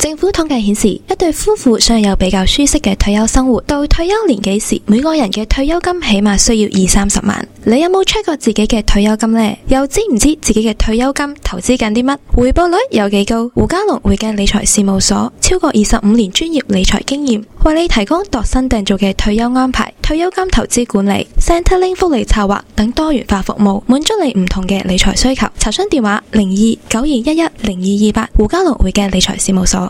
政府統計顯示，一對夫婦想有比較舒適嘅退休生活，到退休年紀時，每個人嘅退休金起碼需要二三十萬。你有冇 check 過自己嘅退休金呢？又知唔知自己嘅退休金投資緊啲乜？回報率有幾高？胡嘉龍會計理財事務所，超過二十五年專業理財經驗，為你提供度身訂造嘅退休安排、退休金投資管理、Centrelink 福利策劃等多元化服務，滿足你唔同嘅理財需求。查詢電話：零二九二一一零二二八。8, 胡嘉龍會計理財事務所。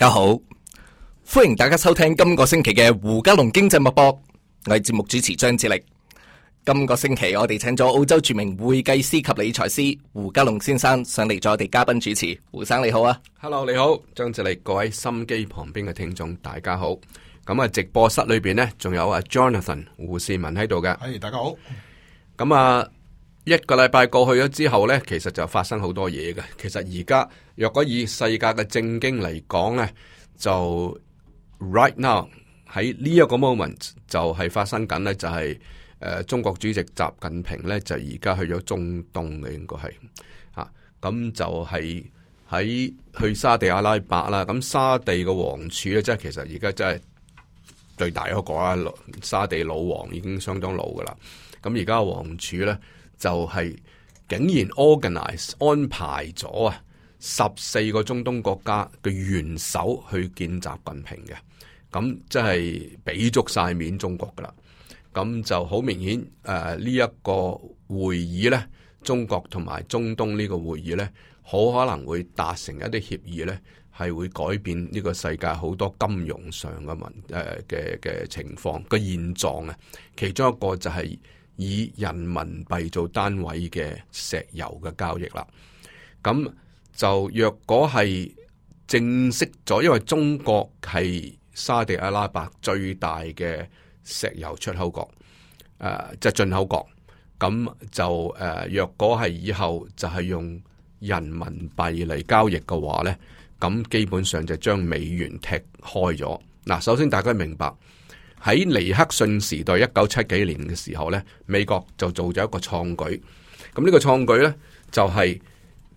大家好，歡迎大家收聽今個星期嘅胡嘉龍經濟脈搏，我係節目主持張志力。今個星期我哋請咗澳洲著名會計師及理財師胡嘉龍先生上嚟做我哋嘉賓主持。胡生你好啊，Hello，你好，張志力，各位心機旁邊嘅聽眾大家好。咁啊，直播室裏邊呢，仲有阿 Jonathan 胡士文喺度嘅，係、hey, 大家好。咁啊。一個禮拜過去咗之後呢，其實就發生好多嘢嘅。其實而家若果以世界嘅正經嚟講呢，就 right now 喺呢一個 moment 就係發生緊呢就係、是、誒、呃、中國主席習近平呢，就而家去咗中東嘅，應該係吓咁就係喺去沙地阿拉伯啦。咁沙地嘅王儲呢，即係其實而家真係最大嗰個啦。沙地老王已經相當老噶啦，咁而家王儲呢。就係竟然 organize 安排咗啊十四個中東國家嘅元首去見習近平嘅，咁即係俾足晒面中國噶啦，咁就好明顯誒呢一個會議呢，中國同埋中東呢個會議呢，好可能會達成一啲協議呢係會改變呢個世界好多金融上嘅文誒嘅嘅情況個現狀啊，其中一個就係、是。以人民幣做單位嘅石油嘅交易啦，咁就若果係正式咗，因為中國係沙地阿拉伯最大嘅石油出口國，誒即係進口國，咁就誒、呃、若果係以後就係用人民幣嚟交易嘅話呢，咁基本上就將美元踢開咗。嗱、呃，首先大家明白。喺尼克遜時代一九七幾年嘅時候呢，美國就做咗一個創舉。咁呢個創舉呢，就係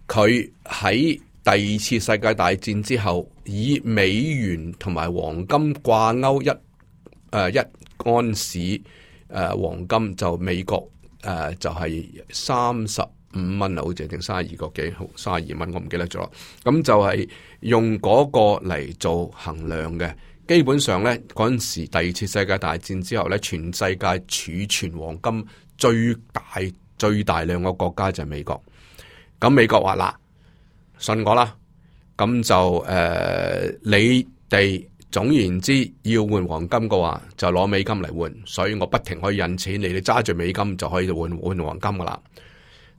佢喺第二次世界大戰之後，以美元同埋黃金掛鈎一誒、呃、一盎司誒、呃、黃金，就美國誒、呃、就係三十五蚊好似定三十二個幾毫，三十二蚊，我唔記得咗。咁就係用嗰個嚟做衡量嘅。基本上呢，嗰陣時第二次世界大戰之後呢，全世界儲存黃金最大最大量嘅國家就係美國。咁美國話啦，信我啦，咁就誒、呃，你哋總言之要換黃金嘅話，就攞美金嚟換。所以我不停去印錢，你哋揸住美金就可以換換黃金噶啦。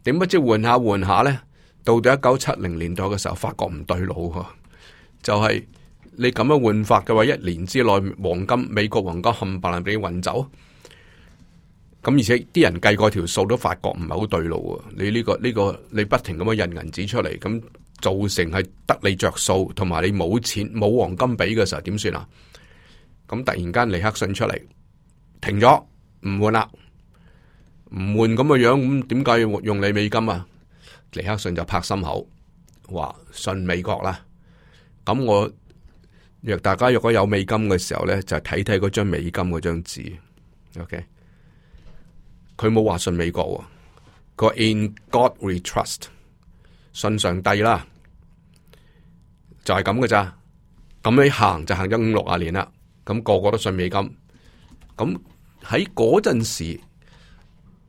點不知換下換下呢，到到一九七零年代嘅時候發覺唔對路、啊，就係、是。你咁樣換法嘅話，一年之內黃金、美國黃金冚唪唥畀你運走，咁而且啲人計過條數都發覺唔係好對路啊！你呢個呢個你不停咁樣印銀紙出嚟，咁造成係得你着數，同埋你冇錢冇黃金畀嘅時候點算啊？咁突然間尼克遜出嚟停咗唔換啦，唔換咁嘅樣，咁點解要用你美金啊？尼克遜就拍心口話信美國啦，咁我。若大家若果有美金嘅時候咧，就睇睇嗰張美金嗰張紙，OK？佢冇話信美國，哦，佢話 In God We Trust，信上帝啦，就係咁嘅咋？咁你行就行咗五六啊年啦，咁，那個個都信美金。咁喺嗰陣時，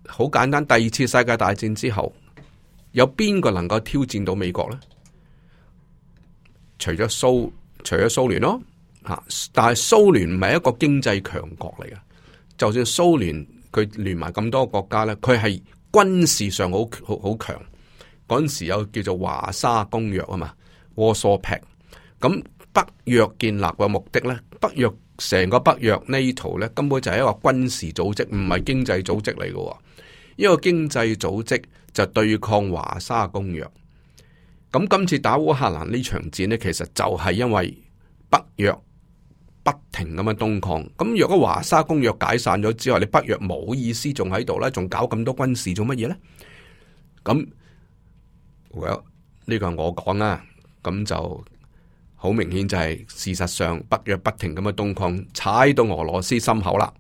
好簡單，第二次世界大戰之後，有邊個能夠挑戰到美國咧？除咗蘇。除咗蘇聯咯，嚇！但係蘇聯唔係一個經濟強國嚟噶。就算蘇聯佢聯埋咁多國家呢，佢係軍事上好好好強。嗰陣時有叫做華沙公約啊嘛，Warsaw Pact。咁北約建立嘅目的呢，北約成個北約呢 NATO，根本就係一個軍事組織，唔係經濟組織嚟噶。一個經濟組織就對抗華沙公約。咁今次打烏克蘭呢場戰呢，其實就係因為北約不停咁樣東擴。咁若果華沙公約解散咗之後，你北約冇意思，仲喺度呢，仲搞咁多軍事做乜嘢呢？咁，呢個係我講啦，咁就好明顯就係事實上北約不停咁樣東擴，踩到俄羅斯心口啦。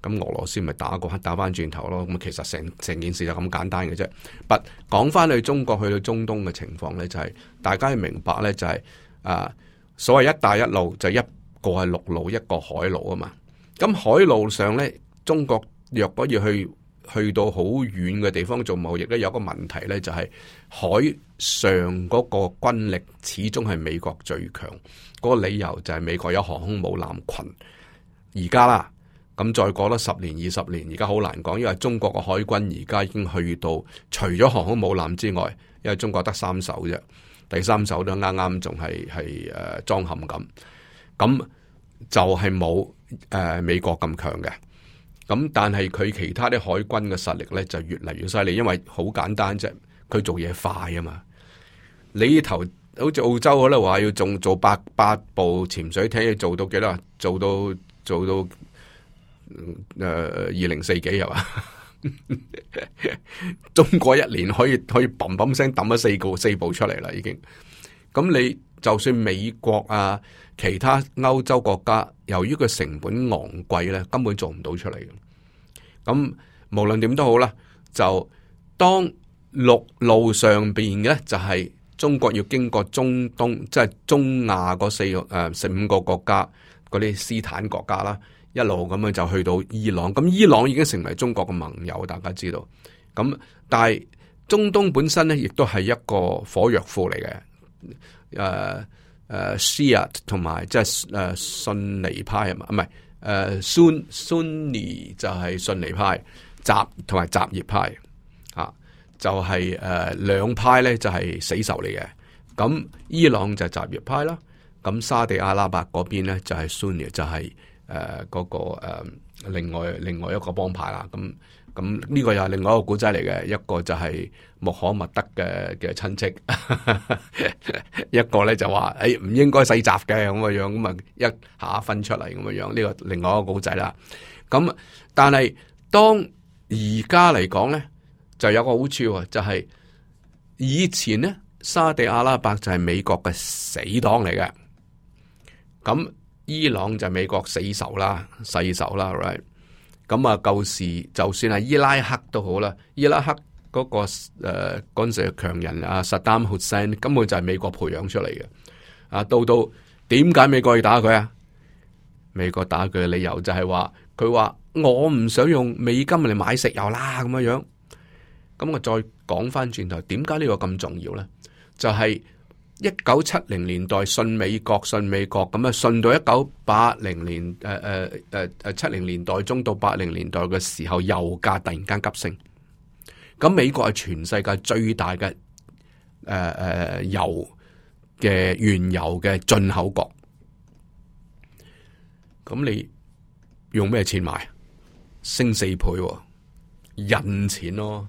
咁俄羅斯咪打個打翻轉頭咯？咁其實成成件事就咁簡單嘅啫。不講翻去中國去到中東嘅情況呢，就係大家要明白呢，就係啊所謂一帶一路就一個係陸路一個海路啊嘛。咁海路上呢，中國若果要去去到好遠嘅地方做貿易呢，有一個問題呢就係海上嗰個軍力始終係美國最強。嗰個理由就係美國有航空母艦群，而家啦。咁再過多十年、二十年，而家好難講，因為中國嘅海軍而家已經去到，除咗航空母艦之外，因為中國得三艘啫，第三艘都啱啱仲係係誒裝冚咁，咁、呃、就係冇誒美國咁強嘅，咁但係佢其他啲海軍嘅實力呢就越嚟越犀利，因為好簡單啫，佢做嘢快啊嘛，你頭好似澳洲嗰度話要仲做八八部潛水艇要做到幾多？做到做到。做到做到誒，二零四幾係嘛？Right? 中國一年可以可以砰砰聲抌咗四個四部出嚟啦，已經。咁你就算美國啊，其他歐洲國家，由於佢成本昂貴咧，根本做唔到出嚟嘅。咁無論點都好啦，就當陸路上邊嘅就係、是、中國要經過中東，即、就、係、是、中亞嗰四誒四、呃、五個國家嗰啲斯坦國家啦。一路咁樣就去到伊朗，咁伊朗已經成為中國嘅盟友，大家知道。咁但係中東本身咧，亦都係一個火藥庫嚟嘅。誒誒，Shia 同埋即係誒遜尼派係嘛？唔係誒，Sun Sunni 就係遜尼派，集同埋集葉派啊，就係誒兩派咧就係死仇嚟嘅。咁伊朗就係集葉派啦，咁沙地阿拉伯嗰邊咧就係 Sunni 就係。誒嗰、呃那個、呃、另外另外一個幫派啦，咁咁呢個又係另外一個古仔嚟嘅，一個就係穆罕默德嘅嘅親戚， 一個咧就話誒唔應該世襲嘅咁嘅樣，咁啊一下分出嚟咁嘅樣，呢個另外一個古仔啦。咁但係當而家嚟講咧，就有個好處喎，就係、是、以前咧，沙地阿拉伯就係美國嘅死黨嚟嘅，咁。伊朗就美國死仇啦，死仇啦，right？咁啊，舊時就算係伊拉克都好啦，伊拉克嗰、嗰個誒嗰陣時嘅強人啊，薩達姆 Hussein 根本就係美國培養出嚟嘅。啊，到到點解美國要打佢啊？美國打佢嘅理由就係話，佢話我唔想用美金嚟買石油啦，咁樣樣。咁我再講翻轉頭，點解呢個咁重要咧？就係、係。一九七零年代信美國，信美國咁啊，信到一九八零年，誒誒誒誒，七零年代中到八零年代嘅時候，油價突然間急升。咁美國係全世界最大嘅誒誒油嘅原油嘅進口國。咁你用咩錢買？升四倍喎，印錢咯，哦。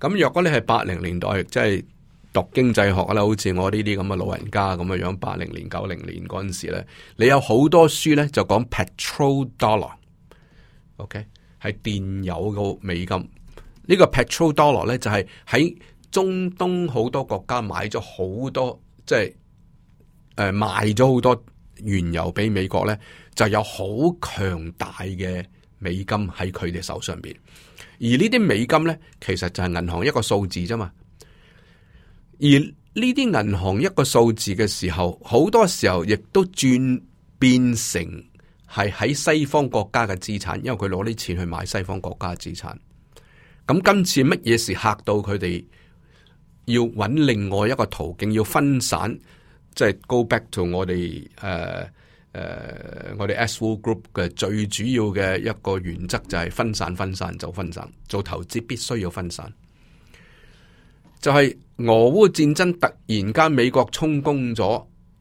咁若果你係八零年代，即係。讀經濟學啦，好似我呢啲咁嘅老人家咁嘅樣，八零年、九零年嗰陣時咧，你有好多書咧就講 petrol dollar，OK，係電油嘅美金。呢個 petrol dollar 咧就係喺中東好多國家買咗好多，即係誒賣咗好多原油俾美國咧，就有好強大嘅美金喺佢哋手上邊。而呢啲美金咧，其實就係銀行一個數字啫嘛。而呢啲銀行一個數字嘅時候，好多時候亦都轉變成係喺西方國家嘅資產，因為佢攞啲錢去買西方國家嘅資產。咁今次乜嘢事嚇到佢哋要揾另外一個途徑，要分散，即係 go back to 我哋誒誒，我哋 s w Group 嘅最主要嘅一個原則就係分散，分散就分散，做投資必須要分散。就係俄烏戰爭突然間，美國充公咗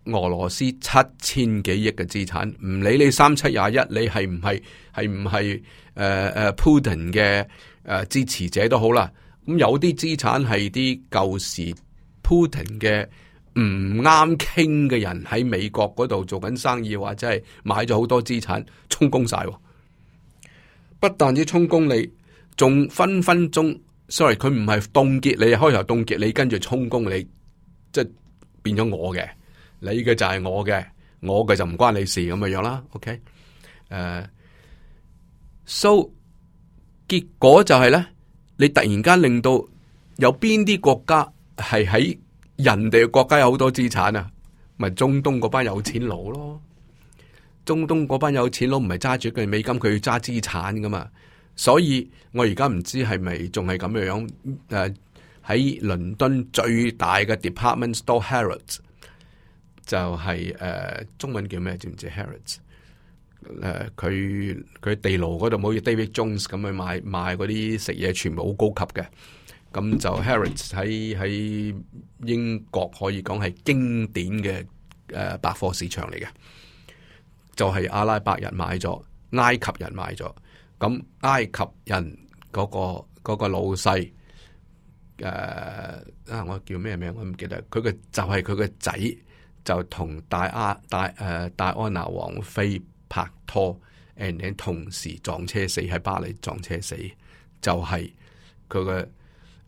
俄羅斯七千幾億嘅資產，唔理你三七廿一，你係唔係係唔係誒誒 Putin 嘅誒、呃、支持者都好啦。咁、嗯、有啲資產係啲舊時 Putin 嘅唔啱傾嘅人喺美國嗰度做緊生意，或者係買咗好多資產充公晒。不但止充公你，仲分分鐘。sorry，佢唔係凍結你，開頭凍結你，跟住，充公你，即係變咗我嘅，你嘅就係我嘅，我嘅就唔關你事咁嘅樣啦。OK，誒、uh，so 結果就係咧，你突然間令到有邊啲國家係喺人哋嘅國家有好多資產啊？咪、就是、中東嗰班有錢佬咯，中東嗰班有錢佬唔係揸住佢美金，佢要揸資產噶嘛。所以，我而家唔知係咪仲係咁樣樣？誒、呃、喺倫敦最大嘅 department store Harrods 就係、是、誒、呃、中文叫咩？知唔知 Harrods？誒、呃、佢佢地牢嗰度好似 David Jones 咁去買買嗰啲食嘢，全部好高級嘅。咁就 Harrods 喺喺英國可以講係經典嘅誒、呃、百貨市場嚟嘅，就係、是、阿拉伯人買咗，埃及人買咗。咁埃及人嗰、那個、那個老細，誒啊我叫咩名我唔記得，佢嘅就係佢嘅仔就同戴阿戴誒戴，、呃、戴安娜王妃拍拖，誒同時撞車死喺巴黎撞車死，就係佢嘅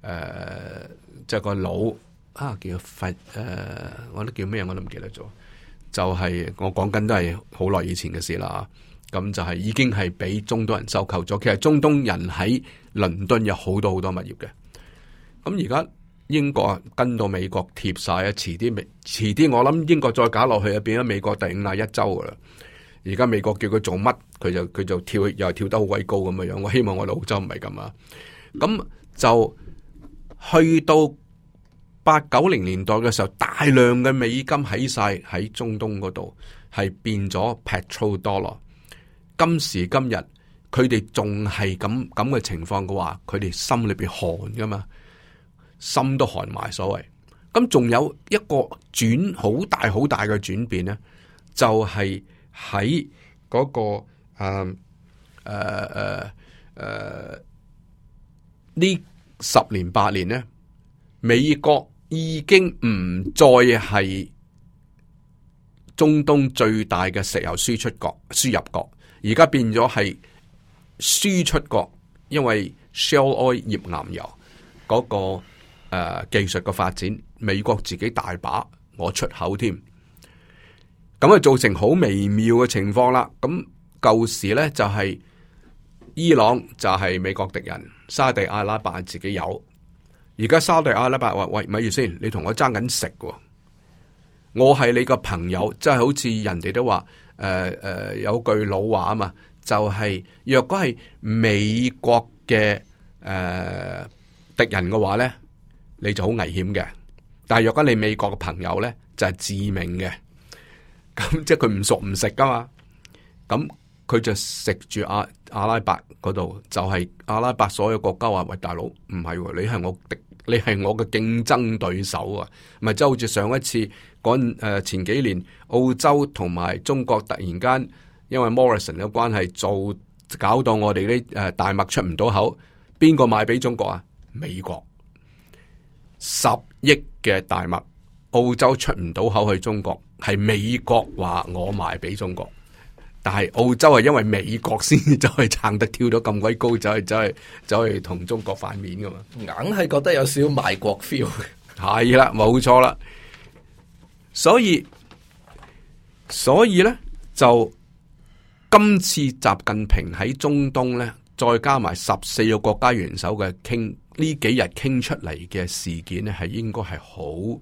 誒即係個老啊，、就是、啊叫佛誒、啊、我都叫咩我都唔記得咗，就係、是、我講緊都係好耐以前嘅事啦。咁就係已經係俾中東人收購咗。其實中東人喺倫敦有好多好多物業嘅。咁而家英國跟到美國貼晒啊，遲啲未？遲啲我諗英國再搞落去啊，變咗美國第五十一州噶啦。而家美國叫佢做乜，佢就佢就跳又跳得好鬼高咁嘅樣。我希望我哋澳洲唔係咁啊。咁就去到八九零年代嘅時候，大量嘅美金喺晒喺中東嗰度，係變咗 petro dollar。今時今日，佢哋仲係咁咁嘅情況嘅話，佢哋心裏邊寒噶嘛，心都寒埋。所謂咁，仲有一個轉，好大好大嘅轉變呢，就係喺嗰個誒誒誒誒呢十年八年呢，美國已經唔再係中東最大嘅石油輸出國、輸入國。而家變咗係輸出國，因為 Shale 頁岩油嗰、那個誒、呃、技術嘅發展，美國自己大把我出口添，咁啊造成好微妙嘅情況啦。咁舊時呢，就係、是、伊朗就係美國敵人，沙地阿拉伯自己有。而家沙地阿拉伯話：喂，咪住先，你同我爭緊食，我係你個朋友。即、就、係、是、好似人哋都話。誒誒，uh, uh, 有句老話啊嘛，就係、是、若果係美國嘅誒敵人嘅話咧，你就好危險嘅；但係若果你美國嘅朋友咧，就係、是、致命嘅。咁即係佢唔熟唔食㗎嘛，咁佢就食住阿阿拉伯嗰度，就係、是、阿拉伯所有國家話：喂大，大佬唔係，你係我敵。你係我嘅競爭對手啊，咪即好似上一次，講誒、呃、前幾年澳洲同埋中國突然間，因為 Morrison 嘅關係做搞到我哋啲誒大麥出唔到口，邊個賣俾中國啊？美國十億嘅大麥，澳洲出唔到口去中國，係美國話我賣俾中國。但係澳洲係因為美國先至走去撐得跳到咁鬼高，走去走去走去同中國反面噶嘛，硬係覺得有少少賣國 feel。 係啦，冇錯啦，所以所以呢，就今次習近平喺中東呢，再加埋十四個國家元首嘅傾，呢幾日傾出嚟嘅事件呢，係應該係好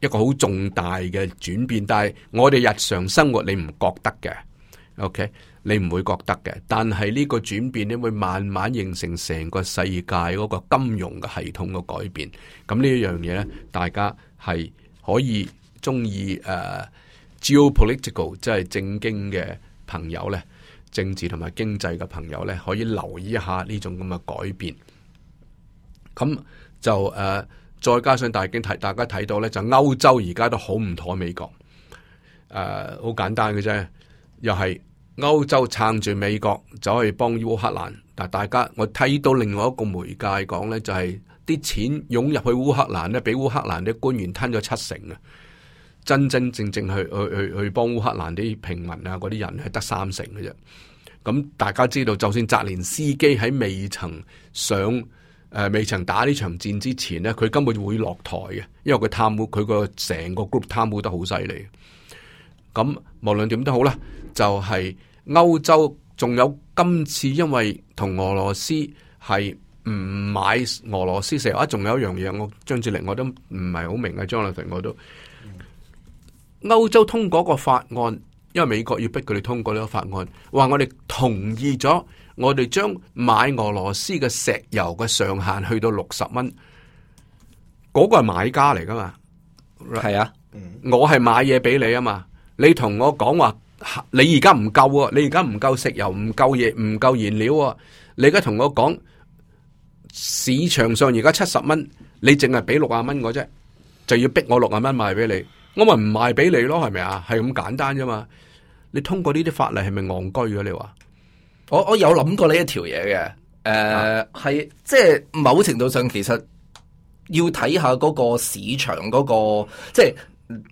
一個好重大嘅轉變。但係我哋日常生活你唔覺得嘅？OK，你唔會覺得嘅？但係呢個轉變咧，會慢慢形成成個世界嗰個金融嘅系統嘅改變。咁呢樣嘢呢，大家係可以中意誒、uh，Geopolitical 即係正經嘅朋友呢，政治同埋經濟嘅朋友呢，可以留意一下呢種咁嘅改變。咁就誒，uh，再加上大家睇，大家睇到呢，就歐洲而家都好唔妥美國。誒，好簡單嘅啫，又係。歐洲撐住美國，走去幫烏克蘭。但大家我睇到另外一個媒介講呢，就係啲錢湧入去烏克蘭呢，俾烏克蘭啲官員吞咗七成啊！真真正正去去去幫烏克蘭啲平民啊，嗰啲人係得三成嘅啫。咁大家知道，就算澤連斯基喺未曾上誒、呃、未曾打呢場戰之前呢，佢根本會落台嘅，因為佢貪污，佢個成個 group 貪污得好犀利。咁無論點都好啦。就係歐洲，仲有今次因為同俄羅斯係唔買俄羅斯石油，啊，仲有一樣嘢，我張志玲我都唔係好明啊，張立成我都歐、嗯、洲通過嗰個法案，因為美國要逼佢哋通過呢個法案，話我哋同意咗，我哋將買俄羅斯嘅石油嘅上限去到六十蚊，嗰、嗰個係買家嚟㗎嘛？係啊、嗯，我係買嘢俾你啊嘛，你同我講話。你而家唔夠，你而家唔夠食油，唔夠嘢，唔夠燃料。你而家同我講市場上而家七十蚊，你淨係俾六啊蚊我啫，就要逼我六啊蚊賣俾你，我咪唔賣俾你咯，係咪啊？係咁簡單啫嘛。你通過呢啲法例係咪戇居啊？你話我我有諗過呢一條嘢嘅，誒、呃、係、啊、即係某程度上其實要睇下嗰個市場嗰、嗰個即係。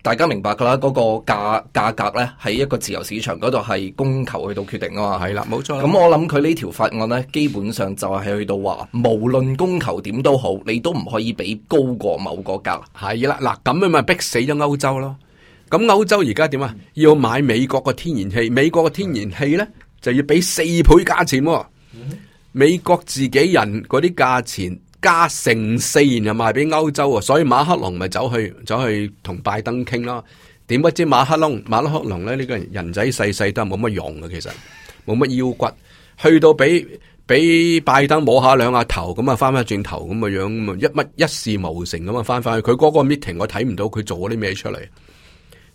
大家明白噶啦，嗰、嗰個價價格呢，喺一個自由市場嗰度係供求去到決定啊嘛，係啦，冇錯。咁我諗佢呢條法案呢，基本上就係去到話，無論供求點都好，你都唔可以比高過某個價。係啦，嗱咁樣咪逼死咗歐洲咯。咁歐洲而家點啊？要買美國嘅天然氣，美國嘅天然氣呢，就要比四倍價錢。嗯、哼美國自己人嗰啲價錢。加成四然又賣俾歐洲啊，所以馬克龍咪走去走去同拜登傾咯。點不知馬克龍馬克克龍咧呢、這個人，人仔細細都係冇乜用嘅，其實冇乜腰骨。去到俾俾拜登摸下兩下頭，咁啊翻翻轉頭咁嘅樣，一乜一,一事無成咁啊翻翻去。佢嗰個 meeting 我睇唔到佢做咗啲咩出嚟。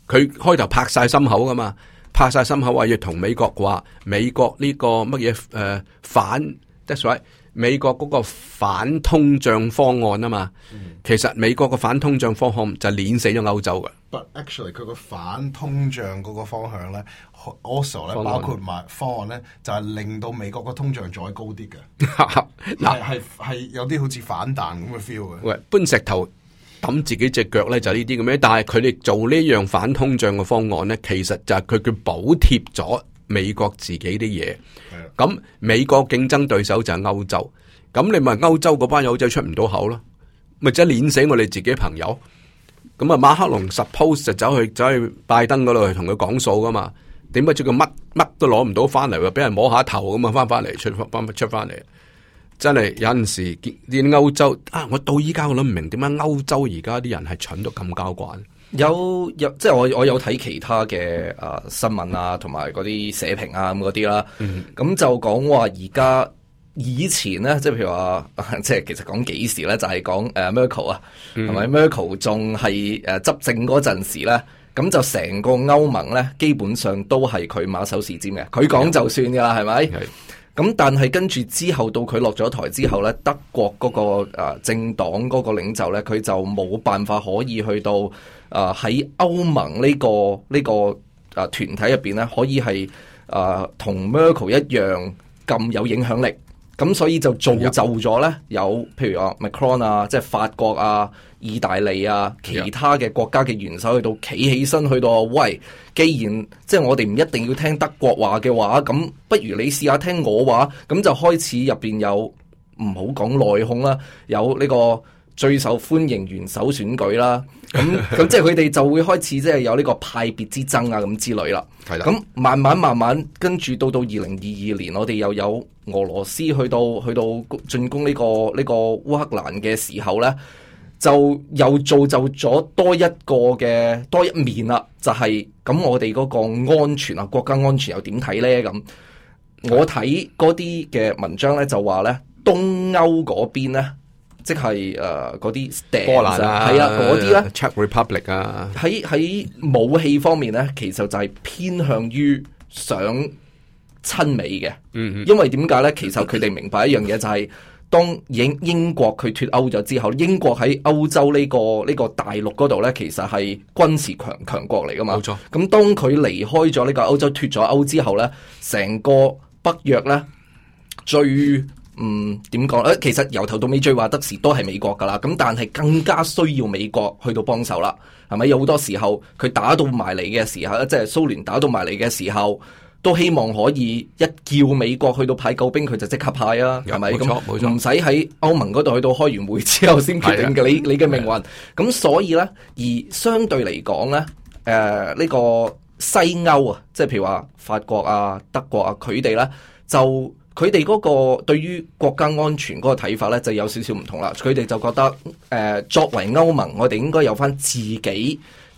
佢開頭拍晒心口噶嘛，拍晒心口話要同美國話，美國呢個乜嘢誒反 That's right 美國嗰個反通脹方案啊嘛，嗯、其實美國個反通脹方案就碾死咗歐洲噶。But actually，佢個反通脹嗰個方向咧，also 咧，方案。包括埋方案咧，就係、是、令到美國個通脹再高啲嘅。嗱係係有啲好似反彈咁嘅 feel 嘅。喂，搬石頭抌自己隻腳咧就呢啲咁樣，但係佢哋做呢樣反通脹嘅方案咧，其實就係佢叫補貼咗。美國自己啲嘢，咁美國競爭對手就係歐洲，咁你咪歐洲嗰班友仔出唔到口咯，咪即係碾死我哋自己朋友，咁啊馬克龍 suppose 就走去走去拜登嗰度去同佢講數噶嘛，點解出個乜乜都攞唔到翻嚟？俾人摸下頭咁啊翻翻嚟出翻出翻嚟，真係有陣時見歐洲啊，我到依家我諗唔明點解歐洲而家啲人係蠢到咁交關。有有即係我我有睇其他嘅啊、呃、新聞啊，同埋嗰啲社評啊咁嗰啲啦。咁、嗯、哼就講話而家以前咧，即係譬如話，即係其實講幾時咧，就係講誒 Merkel 啊，同埋 Merkel 仲係誒執政嗰陣時咧，咁就成個歐盟咧，基本上都係佢馬首是瞻嘅，佢講就算噶啦，係咪？係。咁但係跟住之後到佢落咗台之後呢，德國嗰、嗰個、呃、政黨嗰個領袖呢，佢就冇辦法可以去到啊喺、呃、歐盟呢、呢個呢、呢個啊、呃、團體入邊呢，可以係啊同、呃、Merkel 一樣咁有影響力，咁所以就造就咗呢，有譬如啊 Macron 啊，即係法國啊。意大利啊，其他嘅國家嘅元首去到企起身，去到，去到喂，既然即係、即係、我哋唔一定要聽德國話嘅話，咁不如你試下聽我話，咁就開始入邊有唔好講內訌啦，有呢、呢個最受歡迎元首選舉啦，咁咁即係佢哋就會開始即係有呢個派別之爭啊咁之類啦。係咁 慢慢慢慢跟住到到二零二二年，我哋又有俄羅斯去到去到進攻呢、呢個呢、呢個烏克蘭嘅時候呢。就又造就咗多一個嘅、多一面啦，就係、是、咁我哋嗰個安全啊，國家安全又點睇咧？咁我睇嗰啲嘅文章咧，就話咧東歐嗰邊咧，即係誒嗰啲波蘭啊，係啊嗰啲咧，Czech Republic 啊，喺喺武器方面咧，其實就係偏向於想親美嘅，嗯哼，因為點解咧？其實佢哋明白一樣嘢就係、是。 當英英國佢脱歐咗之後，英國喺歐洲呢個呢個大陸嗰度呢，其實係軍事強強國嚟噶嘛。冇錯。咁當佢離開咗呢個歐洲脱咗歐之後呢，成個北約呢，最嗯點講？誒，其實由頭到尾最話得時都係美國噶啦。咁但係更加需要美國去到幫手啦。係咪？有好多時候佢打到埋嚟嘅時候，即係蘇聯打到埋嚟嘅時候。都希望可以一叫美國去到派救兵，佢就即刻派啊，係咪、嗯？咁唔使喺歐盟嗰度去到開完會之後先決定你你嘅命運。咁的所以呢，而相對嚟講呢，誒、呃、呢、呢個西歐啊，即係譬如話法國啊、德國啊，佢哋呢，就佢哋嗰個對於國家安全嗰個睇法呢，就有少少唔同啦。佢哋就覺得誒、呃，作為歐盟，我哋應該有翻自己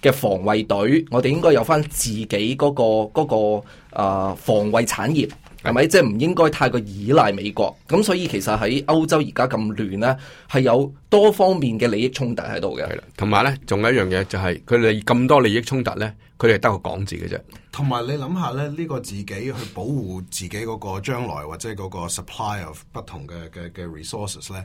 嘅防衛隊，我哋應該有翻自己嗰個嗰個。嗰個啊，防衞產業係咪？是是的即係唔應該太過依賴美國。咁所以其實喺歐洲而家咁亂呢，係有多方面嘅利益衝突喺度嘅。係啦，同埋呢，仲有一樣嘢就係佢哋咁多利益衝突呢，佢哋得個講字嘅啫。同埋你諗下咧，呢、呢個自己去保護自己嗰個將來或者嗰個 supply of 不同嘅嘅 resources 呢，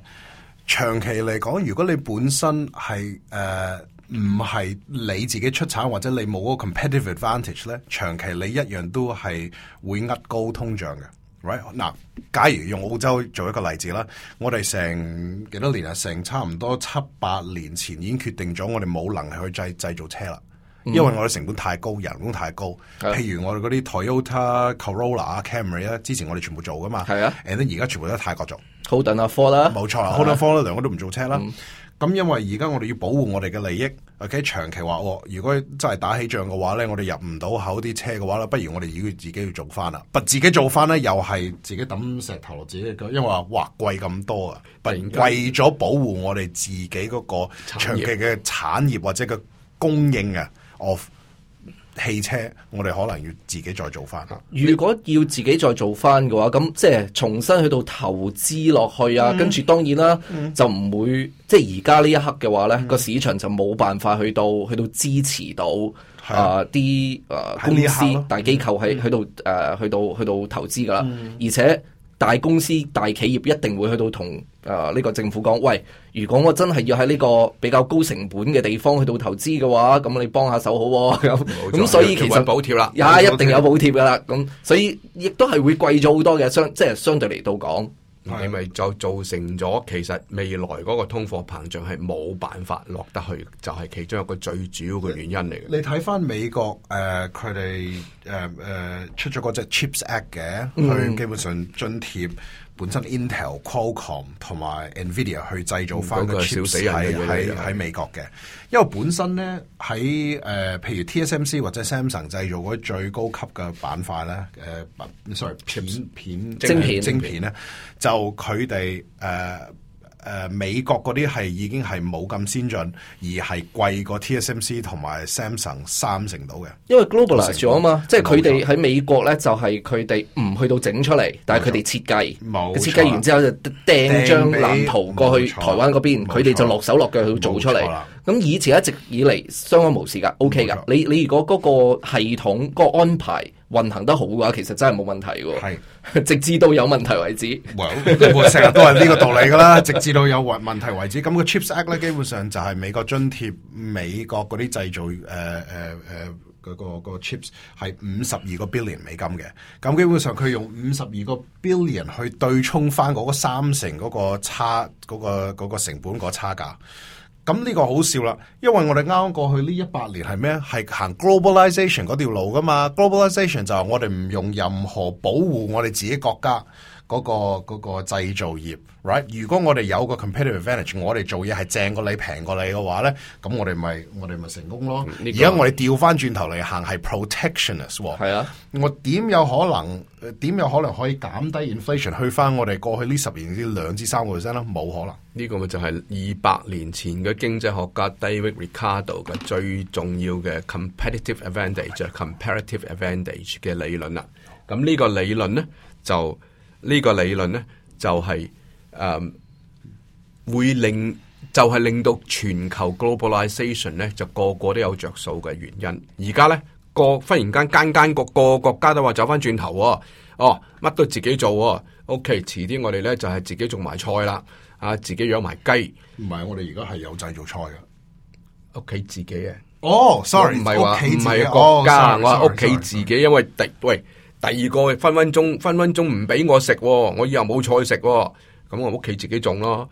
長期嚟講，如果你本身係誒。呃唔係你自己出產或者你冇個 competitive advantage 咧，長期你一樣都係會呃高通脹嘅。Right 嗱，假如用澳洲做一個例子啦，我哋成幾多年啊，成差唔多七八年前已經決定咗，我哋冇能力去製製造車啦，因為我哋成本太高，人工太高。Mm. 譬如我哋嗰啲 Toyota Corolla、Camry 啊，之前我哋全部做噶嘛，係啊，and 咧而家全部都喺泰國做。Holden 啊，Ford 啦，冇錯啦 Holden、Ford 兩個都唔做車啦。Mm. 咁因為而家我哋要保護我哋嘅利益，OK？長期話，如果真係打起仗嘅話咧，我哋入唔到口啲車嘅話咧，不如我哋要自己要做返啦。不自己做返咧，又係自己抌石頭落自己嘅腳，因為話貴咁多啊。為咗現場 保護我哋自己嗰個長期嘅產業，產業或者個供應啊，我。汽車我哋可能要自己再做翻。如果要自己再做翻嘅話，咁即係重新去到投資落去啊，嗯、跟住當然啦，嗯、就唔會即係而家呢一刻嘅話呢個、嗯、市場就冇辦法去到去到支持到、嗯、啊啲誒、啊、公司大機構喺喺度誒去到、嗯啊、去到去到投資噶啦，嗯、而且。大公司大企業一定會去到同誒呢個政府講，喂！如果我真係要喺呢個比較高成本嘅地方去到投資嘅話，咁你幫下手好咁。咁、 嗯、冇錯、所以其實補貼啦，呀一定有補貼噶啦。咁 所以亦都係會貴咗好多嘅，相即係相對嚟到講。你咪就造成咗，其實未來嗰個通貨膨脹係冇辦法落得去，就係、是、其中一個最主要嘅原因嚟嘅。你睇翻美國誒，佢哋誒誒出咗嗰隻 Chips Act 嘅，佢基本上津貼。嗯本身 Intel Qual、Qualcomm 同埋 Nvidia 去製造翻個 chip 喺喺美國嘅，因為本身咧喺誒，譬如 TSMC 或者 Samsung 製造啲最高級嘅板塊咧，誒、呃、sorry 片片晶片、啊、晶片咧，就佢哋誒。呃誒美國嗰啲係已經係冇咁先進，而係貴過 TSMC 同埋 Samsung 三成到嘅。因為 globalize 咗啊嘛，功即係佢哋喺美國咧，就係佢哋唔去到整出嚟，但係佢哋設計，錯設計完之後就掟張藍圖過去台灣嗰邊，佢哋錯就落手落腳去做出嚟。咁錯以前一直以嚟相安無事㗎，OK 噶。你你如果嗰個系統個安排，運行得好嘅話，其實真係冇問題喎。係直至到有問題為止。成日、well, 都係呢個道理㗎啦。 直至到有運問題為止，咁、嗰個 Chips Act 咧，基本上就係美國津貼美國嗰啲製造誒誒誒嗰個 Chips 係五十二個,個 billion 美金嘅。咁基本上佢用五十二個 billion 去對沖翻嗰個三成嗰個差嗰個嗰個成本個差價。咁呢個好笑啦，因為我哋啱啱過去呢一百年係咩？係行 globalization 嗰條路噶嘛，globalization 就係我哋唔用任何保護我哋自己國家。嗰個嗰個製造業，right？如果我哋有個 competitive advantage，我哋做嘢係正過你平過你嘅話咧，咁我哋咪我哋咪成功咯。而家、嗯呢個、我哋調翻轉頭嚟行係 protectionist 喎，係啊，我點有可能？點有可能可以減低 inflation？去翻我哋過去呢十年啲兩至三個 percent 咯，冇可能。呢個咪就係二百年前嘅經濟學家 David Ricardo 嘅最重要嘅 competitive advantage，的就係 comparative advantage 嘅理論啦。咁呢個理論咧就。呢個理論呢，就係、是、誒、嗯、會令就係、是、令到全球 globalization 呢，就個個都有着數嘅原因。而家呢，個忽然間間間個個國家都話走翻轉頭哦，乜、哦、都自己做、哦。OK，遲啲我哋呢，就係、是、自己種埋菜啦，啊，自己養埋雞。唔係，我哋而家係有製造菜噶。屋企自己嘅。哦、oh,，sorry，唔係屋企，唔係國家，我係屋企自己，因為敵喂。第二個分分鐘分分鐘唔俾我食、哦，我以後冇菜食、哦，咁我屋企自己種、哦、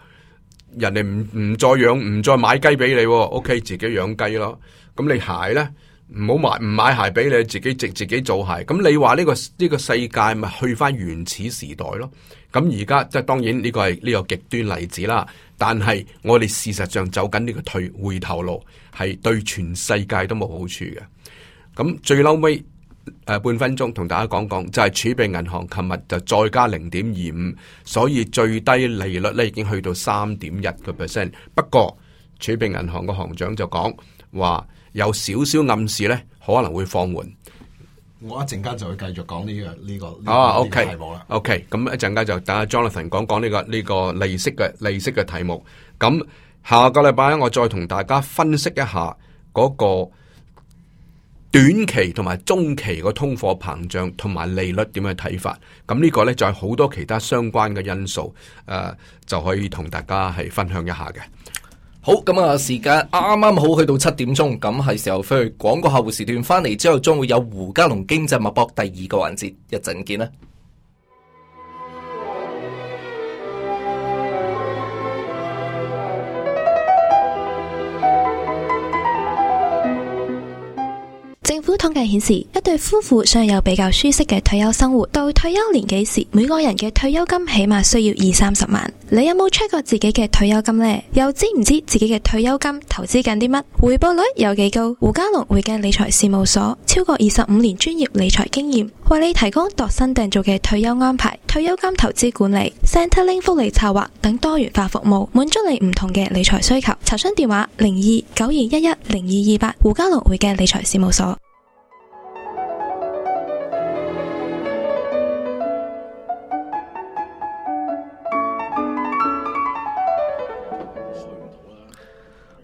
自己咯。人哋唔唔再養唔再買雞俾你屋企自己養雞咯。咁你鞋呢？唔好買唔買鞋俾你，自己直自，自己做鞋。咁、嗯、你話呢、這個呢、這個世界咪去翻原始時代咯？咁而家即係當然呢個係呢、這個極端例子啦。但係我哋事實上走緊呢個退回頭路，係對全世界都冇好處嘅。咁、嗯、最嬲尾。半分鐘同大家講講，就係、是、儲備銀行琴日就再加零點二五，所以最低利率咧已經去到三點一個 percent。不過儲備銀行個行長就講話有少少暗示呢，可能會放緩。我一陣間就會繼續講呢樣呢個、這個這個、啊，OK，咁、okay, 一陣間就等阿 Jonathan 講講呢、這個呢、這個利息嘅利息嘅題目。咁下個禮拜我再同大家分析一下嗰、那個。短期同埋中期個通貨膨脹同埋利率點樣睇法？咁呢個呢，就有好多其他相關嘅因素，誒、呃，就可以同大家係分享一下嘅。好，咁、那、啊、個，時間啱啱好去到七點鐘，咁係時候飛去廣告時段，翻嚟之後將會有胡嘉龍經濟脈搏第二個環節，一陣見啦。據統計顯示，一對夫婦想有比較舒適嘅退休生活，到退休年紀時，每個人嘅退休金起碼需要二三十萬。你有冇 check 過自己嘅退休金呢？又知唔知自己嘅退休金投資緊啲乜？回報率有幾高？胡嘉龍會計理財事務所超過二十五年專業理財經驗，為你提供度身訂造嘅退休安排、退休金投資管理、Centrelink 福利策劃等多元化服務，滿足你唔同嘅理財需求。查詢電話：零二九二一一零二二八。8, 胡嘉龍會計理財事務所。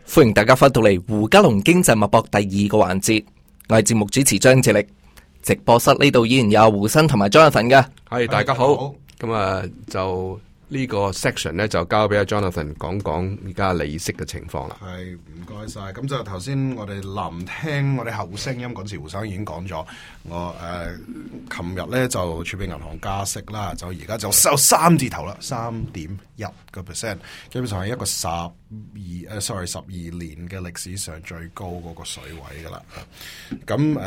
歡迎大家返到嚟胡嘉龍經濟脈搏第二個環節，我係節目主持張智力，直播室呢度依然有胡生同埋張一粉嘅，係、hey, 大家好，今日就。呢個 section 咧就交俾阿 Jonathan 講講而家利息嘅情況啦。係唔該晒，咁就頭先我哋聆聽我哋客戶聲音嗰時胡生已經講咗，我誒，琴、呃、日咧就儲備銀行加息啦，就而家就收三字頭啦，三點一個 percent，基本上係一個十二誒、呃、，sorry 十二年嘅歷史上最高嗰個水位噶啦。咁誒，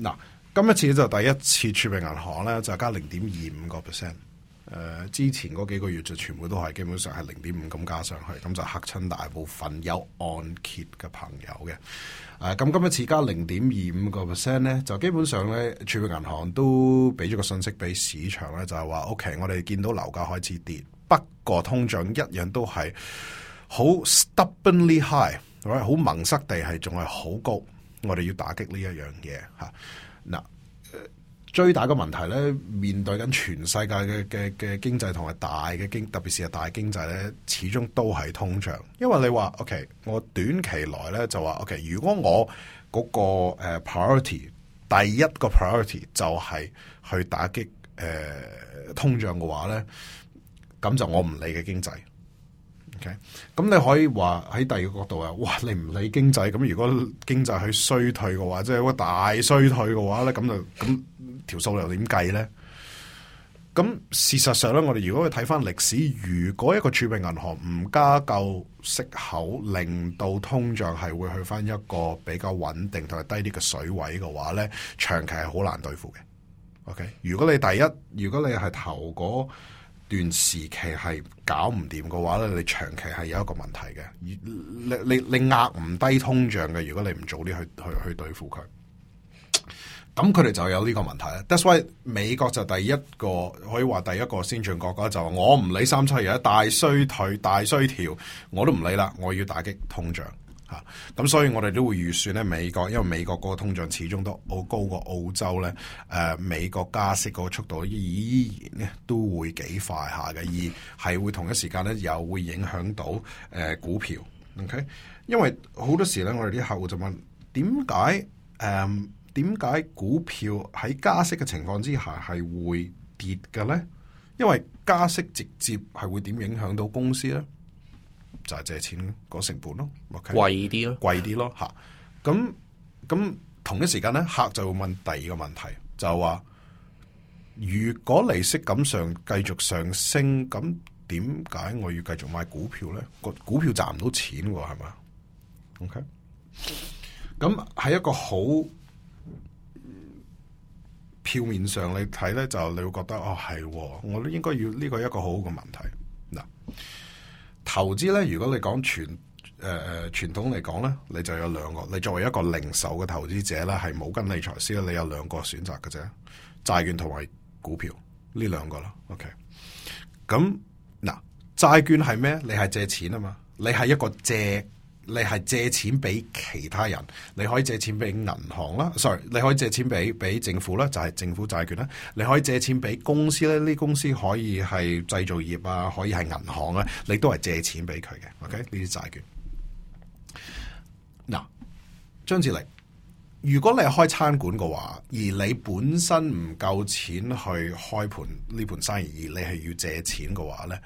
嗱、呃，今一次就第一次儲備銀行咧就加零點二五個 percent。誒、呃、之前嗰幾個月就全部都係基本上係零點五咁加上去，咁就嚇親大部分有按揭嘅朋友嘅。咁、呃、今日次加零點二五個 percent 咧，就基本上咧，儲備銀行都俾咗個信息俾市場咧，就係、是、話，OK，我哋見到樓價開始跌，不過通脹一樣都係好 stubbornly high，好萌塞地係仲係好高，我哋要打擊呢一樣嘢嚇。嗱、啊。Now, 呃最大嘅問題咧，面對緊全世界嘅嘅嘅經濟同埋大嘅經，特別是係大經濟咧，始終都係通脹。因為你話 OK，我短期內咧就話 OK，如果我嗰個 priority，第一個 priority 就係去打擊誒、呃、通脹嘅話咧，咁就我唔理嘅經濟。咁、okay，你可以話喺第二個角度啊，哇！你唔理經濟，咁如果經濟去衰退嘅話，即係個大衰退嘅話咧，咁就咁條數量點計咧？咁事實上咧，我哋如果去睇翻歷史，如果一個儲備銀行唔加夠息口，令到通脹係會去翻一個比較穩定同埋低啲嘅水位嘅話咧，長期係好難對付嘅。OK，如果你第一，如果你係投嗰。段時期係搞唔掂嘅話咧，你長期係有一個問題嘅，你你你壓唔低通脹嘅。如果你唔早啲去去去對付佢，咁佢哋就有呢個問題咧。That's why 美國就第一個可以話第一個先進國家就，就我唔理三七二十一，大衰退大衰退我都唔理啦，我要打擊通脹。嚇！咁、嗯、所以我哋都會預算咧，美國因為美國個通脹始終都好高過澳洲咧。誒、呃，美國加息個速度依然咧都會幾快下嘅，而係會同一時間咧又會影響到誒、呃、股票。OK，因為好多時咧，我哋啲客戶就問：點解誒點解股票喺加息嘅情況之下係會跌嘅咧？因為加息直接係會點影響到公司咧？就係借錢嗰成本，okay？貴啊，貴咯，貴啲咯，貴啲咯吓。咁咁同一時間咧，客就會問第二個問題，就話如果利息咁上繼續上升，咁點解我要繼續買股票咧？個股票賺唔到錢喎，係嘛？OK。咁喺一個好票面上你睇咧，就你會覺得哦係，我應該要呢個一個好好嘅問題嗱。投資咧，如果你講傳誒、呃、傳統嚟講咧，你就有兩個。你作為一個零售嘅投資者咧，係冇跟理財師，你有兩個選擇嘅啫，債券同埋股票呢兩個咯。OK，咁嗱，債券係咩？你係借錢啊嘛，你係一個借。你係借錢俾其他人，你可以借錢俾銀行啦，sorry，你可以借錢俾俾政府啦，就係、是、政府債券啦，你可以借錢俾公司咧，呢公司可以係製造業啊，可以係銀行啊。你都係借錢俾佢嘅，OK，呢啲債券。嗱，張智霖，如果你係開餐館嘅話，而你本身唔夠錢去開盤呢盤生意，你係要借錢嘅話咧？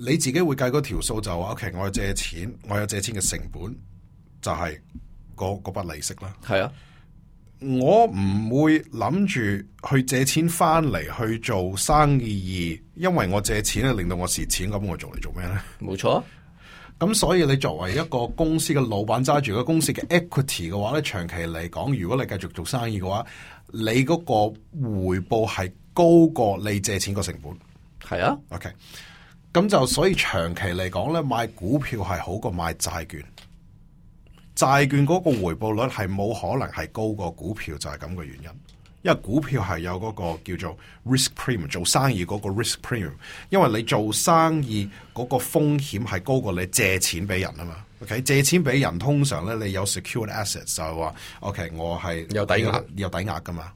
你自己會計嗰條數就話，OK，我有借錢，我有借錢嘅成本，就係嗰嗰筆利息啦。係啊，我唔會諗住去借錢翻嚟去做生意，而因為我借錢啊令到我蝕錢，咁我做嚟做咩咧？冇錯。咁所以你作為一個公司嘅老闆揸住個公司嘅 equity 嘅話咧，長期嚟講，如果你繼續做生意嘅話，你嗰個回報係高過你借錢個成本。係啊，OK。咁就所以長期嚟講呢買股票係好過買債券。債券嗰個回報率係冇可能係高過股票，就係咁嘅原因。因為股票係有嗰個叫做 risk premium，做生意嗰個 risk premium。因為你做生意嗰個風險係高過你借錢俾人啊嘛。OK，借錢俾人通常呢，你有 secured assets 就係話 O K，我係有抵押，有抵押噶嘛。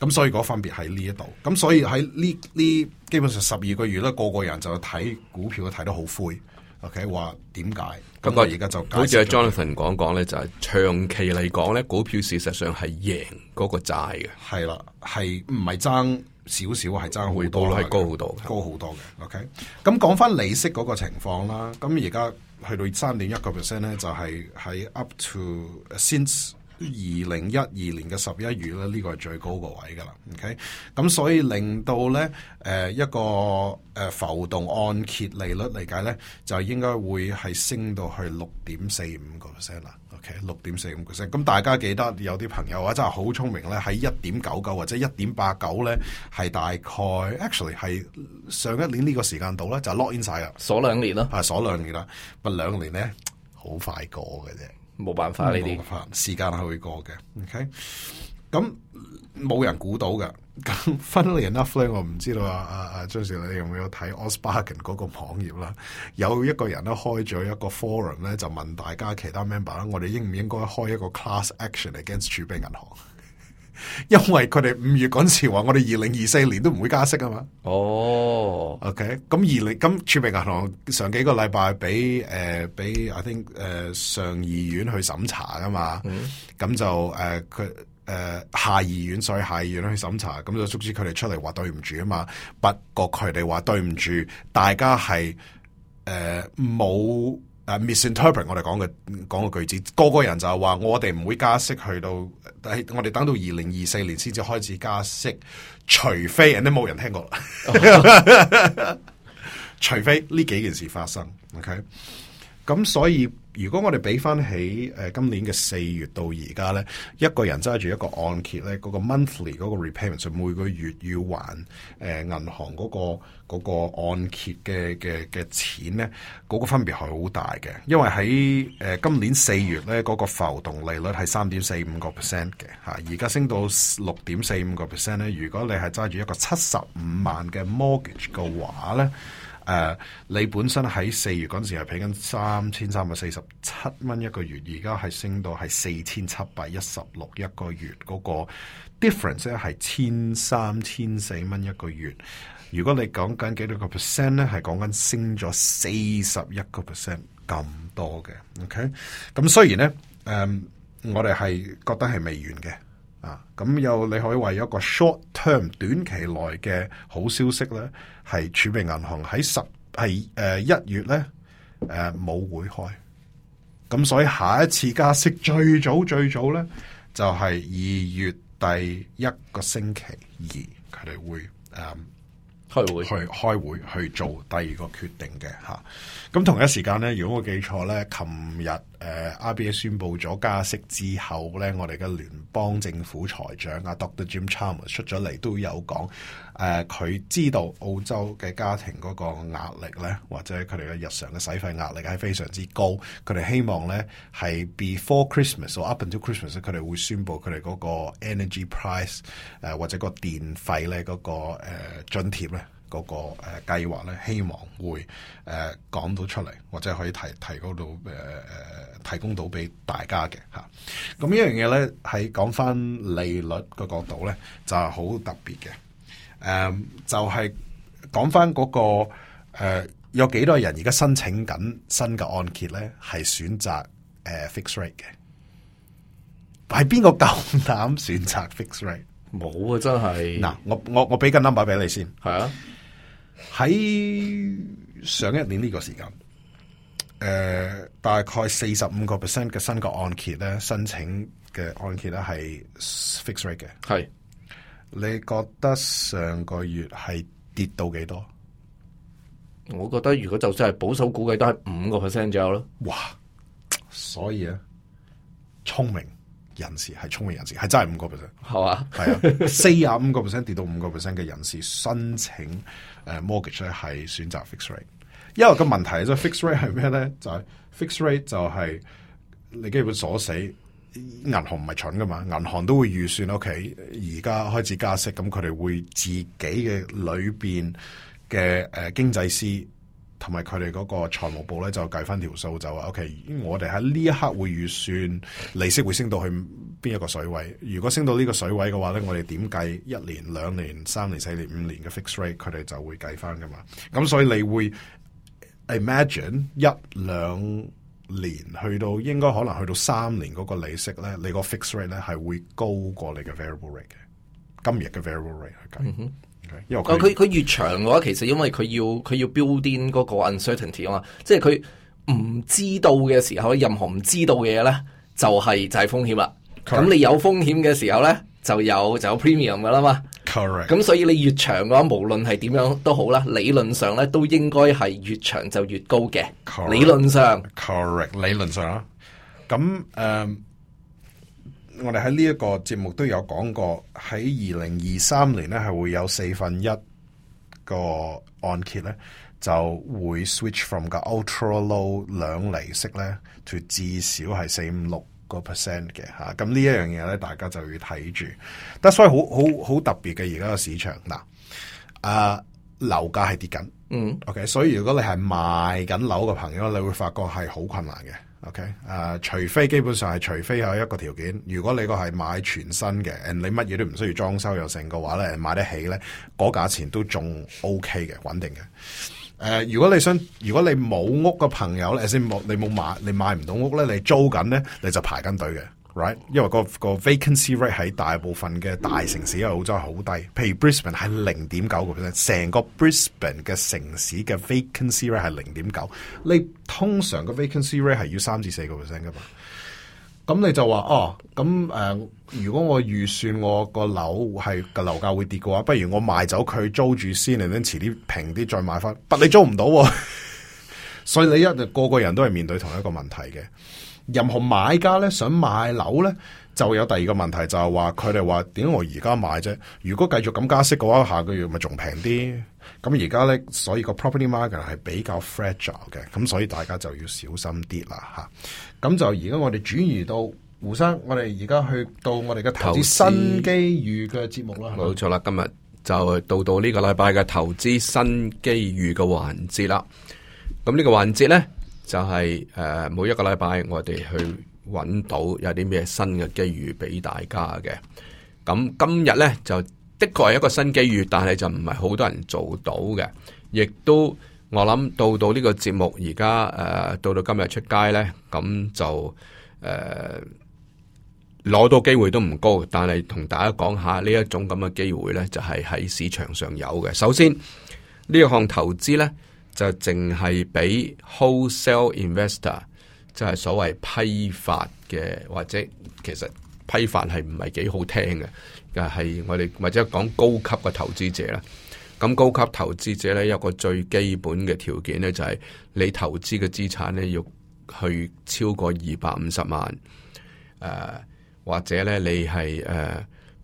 咁所以嗰分別喺呢一度，咁所以喺呢呢基本上十二個月咧，個個人就睇股票都睇得好灰。OK，話點解？咁我而家就，好似阿 Jonathan 講講咧，就係、是、長期嚟講咧，股票事實上係贏嗰個債嘅。係啦，係唔係爭少少啊？係爭好多，係高好多，高好多嘅。OK，咁講返利息嗰個情況啦。咁而家去到三點一個 percent 咧，就係、是、喺 up to since，二零一二年嘅十一月咧，呢、這個係最高個位噶啦，OK，咁所以令到咧，誒、呃、一個誒浮動按揭利率嚟計咧，就應該會係升到去六點四五個 percent 啦，OK，六點四五個 percent。咁大家記得有啲朋友啊，真係好聰明咧，喺一點九九或者一點八九咧，係大概 actually 係上一年呢個時間度咧，就是、lock in 晒啦，鎖兩年啦，係鎖兩年啦，不兩年咧，好快過嘅啫。冇辦法呢啲，些時間係會過嘅。OK，咁冇人估到嘅。咁 funnily enough 咧，我唔知道啊。啊，張 Sir，你有冇睇 OzBargain 嗰個網頁啦？有一個人咧，開咗一個 forum 咧，就問大家其他 member 咧，我哋應唔應該開一個 class action against 儲備銀行？ 因為佢哋五月嗰時話，我哋二零二四年都唔會加息啊嘛。哦、oh.，OK，咁二零咁，儲備銀行上幾個禮拜俾誒俾，I think 誒、呃、上議院去審查啊嘛。咁、mm. 就誒佢誒下議院，所以下議院去審查，咁就促使佢哋出嚟話對唔住啊嘛。Said, 不過佢哋話對唔住，大家係誒冇。呃誒、uh, misinterpret 我哋講嘅講嘅句子，個個人就係話我哋唔會加息去到，我哋等到二零二四年先至開始加息，除非人都冇人聽過喇， oh. 除非呢幾件事發生，OK。咁所以，如果我哋比翻起誒、呃、今年嘅四月到而家咧，一個人揸住一個按揭咧，嗰個 monthly 嗰個 repayment，就每個月要還誒、呃、銀行嗰個嗰個按揭嘅嘅嘅錢咧，嗰個分別係好大嘅。因為喺誒、呃、今年四月咧，嗰個浮動利率係三點四五個 percent 嘅，嚇而家升到六點四五個 percent 咧。如果你係揸住一個七十五萬嘅 mortgage 嘅話咧。誒，uh, 你本身喺四月嗰時係俾緊三千三百四十七蚊一個月，而家係升到係四千七百一十六一個月，嗰、那個 difference 咧係千三千四蚊一個月。如果你講緊幾呢講講多個 percent 咧，係講緊升咗四十一個 percent 咁多嘅。OK，咁雖然咧，誒、um,，我哋係覺得係未完嘅。啊，咁又你可以話有一個 short term 短期內嘅好消息咧，係儲備銀行喺十係誒一月咧誒冇會開，咁所以下一次加息最早最早咧就係、是、二月第一個星期二佢哋會誒。呃開會去開會去做第二個決定嘅嚇，咁同一時間咧，如果我記錯咧，琴日誒，RBA 宣布咗加息之後咧，我哋嘅聯邦政府財長啊，Doctor Jim Chalmers 出咗嚟都有講。誒佢、呃、知道澳洲嘅家庭嗰個壓力咧，或者佢哋嘅日常嘅使費壓力係非常之高。佢哋希望咧係 before Christmas 或 up until Christmas，佢哋會宣布佢哋嗰個 energy price 誒、呃、或者個電費咧嗰、那個津、呃、貼咧嗰、那個誒、呃那個呃、計劃咧，希望會誒、呃、講到出嚟，或者可以提提高到誒、呃、提供到俾大家嘅嚇。咁、啊、呢樣嘢咧喺講翻利率個角度咧，就係、是、好特別嘅。誒，um, 就係講翻嗰個誒，uh, 有幾多人而家申請緊新嘅按揭咧？係選擇誒、uh, fix rate 嘅，係邊個夠膽選擇 fix rate？冇啊，真係。嗱，我我我俾個 number 俾你先，係啊。喺上一年呢個時間，誒、uh，大概四十五個 percent 嘅新嘅按揭咧，申請嘅按揭咧係 fix rate 嘅，係。你覺得上個月係跌到幾多？我覺得如果就算係保守估計都係五個 percent 左右咯。哇！所以啊，聰明人士係聰明人士係真係五個 percent 係啊，係啊，四廿五個 percent 跌到五個 percent 嘅人士申請誒 mortgage 咧，係選擇 fixed rate。因為個問題就 fixed rate 係咩咧？就係、是、fixed rate 就係你基本鎖死。銀行唔係蠢噶嘛，銀行都會預算。O K，而家開始加息，咁佢哋會自己嘅裏邊嘅誒經濟師同埋佢哋嗰個財務部咧就計翻條數，就話 O K，我哋喺呢一刻會預算利息會升到去邊一個水位？如果升到呢個水位嘅話咧，我哋點計一年、兩年、三年、四年、五年嘅 fixed rate，佢哋就會計翻噶嘛。咁所以你會 imagine 一兩？兩年去到應該可能去到三年嗰個利息咧，你個 fixed rate 咧係會高過你嘅 variable rate 嘅，今日嘅 variable rate 去計。Mm hmm. Okay? 因為佢佢越長嘅話，其實因為佢要佢要 build in 嗰個 uncertainty 啊嘛，即係佢唔知道嘅時候，任何唔知道嘅嘢咧就係、是、就係、是、風險啦。咁 Correct. 你有風險嘅時候咧，就有就有 premium 噶啦嘛。咁 Correct. 所以你越長嘅話，無論係點樣都好啦，理論上咧都應該係越長就越高嘅。Correct, 理論上，Correct. 理論上、啊、咁、嗯、誒，我哋喺呢一個節目都有講過，喺二零二三年咧係會有四分一個按揭咧就會 switch from 個 ultra low 兩厘息咧，to 至少係四五六。個 percent 嘅嚇，咁呢一樣嘢咧，大家就要睇住。但所以好好好特別嘅而家個市場嗱，啊、呃、樓價係跌緊，嗯，OK，所以如果你係賣緊樓嘅朋友，你會發覺係好困難嘅，OK，啊、呃，除非基本上係除非有一個條件，如果你個係買全新嘅，誒你乜嘢都唔需要裝修又剩嘅話咧，你買得起咧，嗰價錢都仲 OK 嘅，穩定嘅。誒、呃，如果你想如果你冇屋嘅朋友咧，先冇你冇買，你買唔到屋咧，你租緊咧，你就排緊隊嘅，right？因為、那個個 vacancy rate 喺大部分嘅大城市，因為澳洲係好低，譬如 Brisbane 係零點九個 percent，成個 Brisbane 嘅城市嘅 vacancy rate 係零點九，你通常個 vacancy rate 係要三至四個 percent 噶嘛。咁、嗯、你就話哦，咁、嗯、誒，如果我預算我個樓係個樓價會跌嘅話，不如我賣走佢租住先，嚟緊遲啲平啲再買翻，不你租唔到喎。 所以你一個個人都係面對同一個問題嘅。任何買家咧想買樓咧，就有第二個問題就係話佢哋話點解我而家買啫？如果繼續咁加息嘅話，下個月咪仲平啲？咁而家咧，所以個 property market 係比較 fragile 嘅，咁所以大家就要小心啲啦吓。咁就而家我哋轉移到胡生，我哋而家去到我哋嘅投資新機遇嘅節目啦。冇錯啦，今日就到到呢個禮拜嘅投資新機遇嘅環節啦。咁呢個環節呢，就係、是、誒、呃，每一個禮拜我哋去揾到有啲咩新嘅機遇俾大家嘅。咁今日呢，就的確係一個新機遇，但係就唔係好多人做到嘅。亦都我諗到到呢個節目而家誒，到到今日出街呢，咁就誒攞、呃、到機會都唔高，但係同大家講下呢一種咁嘅機會呢，就係、是、喺市場上有嘅。首先呢一項投資呢，就淨係俾 wholesale investor，即係所謂批發嘅，或者其實批發係唔係幾好聽嘅？但係我哋或者講高級嘅投資者啦。咁高級投資者呢，有個最基本嘅條件呢，就係、是、你投資嘅資產呢，要去超過二百五十萬，誒、呃、或者呢，你係誒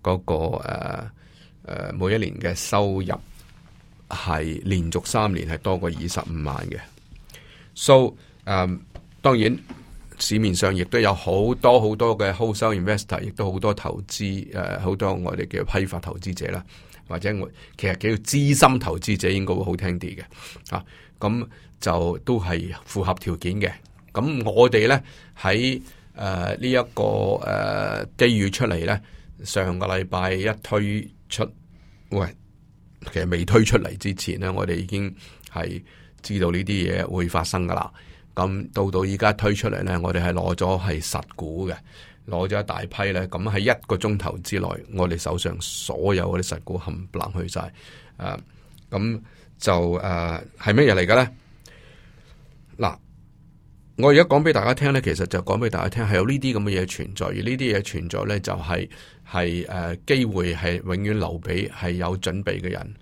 嗰個誒、呃呃、每一年嘅收入。係連續三年係多過二十五萬嘅，so 誒、呃，當然市面上亦都有好多好多嘅 wholesale investor，亦都好多投資誒，好、呃、多我哋嘅批發投資者啦，或者我其實叫資深投資者，應該會好聽啲嘅，啊，咁就都係符合條件嘅。咁、啊、我哋呢喺誒呢一個誒機、呃、遇出嚟呢，上個禮拜一推出，喂。其實未推出嚟之前呢，我哋已經係知道呢啲嘢會發生噶啦。咁到到而家推出嚟呢，我哋係攞咗係實股嘅，攞咗一大批呢。咁喺一個鐘頭之內，我哋手上所有嗰啲實股冚唪唥去晒。誒、啊，咁就誒係咩嘢嚟噶呢？嗱、啊，我而家講俾大家聽呢，其實就講俾大家聽係有呢啲咁嘅嘢存在，而呢啲嘢存在呢，就係、是。係誒，機會係永遠留俾係有準備嘅人。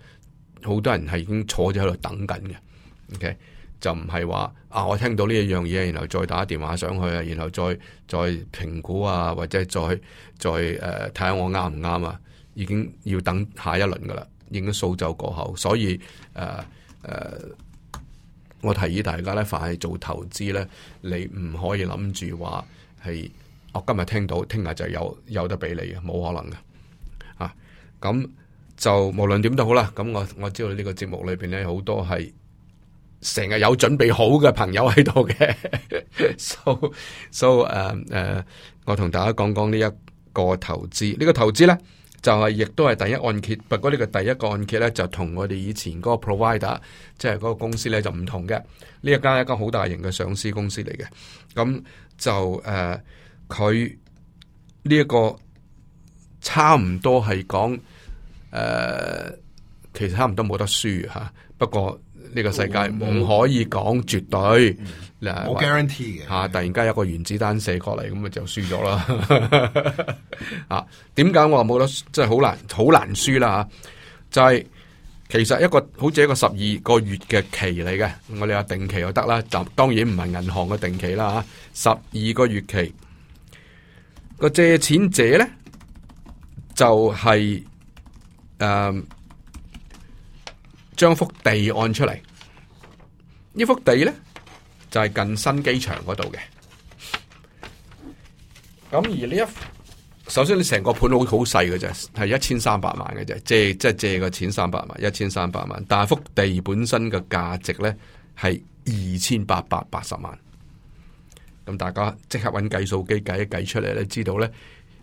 好多人係已經坐咗喺度等緊嘅。OK，就唔係話啊，我聽到呢一樣嘢，然後再打電話上去啊，然後再再評估啊，或者再再誒睇下我啱唔啱啊，已經要等下一輪噶啦，已經數就過後。所以誒誒，我提議大家咧，凡係做投資咧，你唔可以諗住話係。我今日聽到，聽日就有有得俾你嘅，冇可能嘅。啊，咁就無論點都好啦。咁我我知道呢個節目裏邊咧，好多係成日有準備好嘅朋友喺度嘅。 so so 誒誒，我同大家講講呢一個投資。呢、呢個投資咧，就係、係、亦都係第一按揭。不過呢個第一個按揭咧，就同我哋以前嗰個 provider，即係嗰個公司咧，就唔同嘅。呢一間係一間好大型嘅上市公司嚟嘅。咁就誒。Uh, 佢呢一個差唔多係講誒，其實差唔多冇得輸吓。不過呢個世界唔可以講絕對，冇 guarantee 吓。啊、突然間有一個原子彈射過嚟，咁咪就輸咗啦。啊， 點解我話冇得，即係好難好難輸啦吓？就係、是、其實一個好似一個十二個月嘅期嚟嘅，我哋話定期又得啦。就當然唔係銀行嘅定期啦吓，十二個月期。個借錢者咧，就係、是、誒，將、嗯、幅地按出嚟。呢幅地咧，就係、是、近新機場嗰度嘅。咁而呢一，首先你成個盤好好細嘅啫，係一千三百萬嘅啫，借即係、就是、借個錢三百萬，一千三百萬。但係幅地本身嘅價值咧，係二千八百八十萬。咁大家即刻揾計數機計一計出嚟咧，知道呢，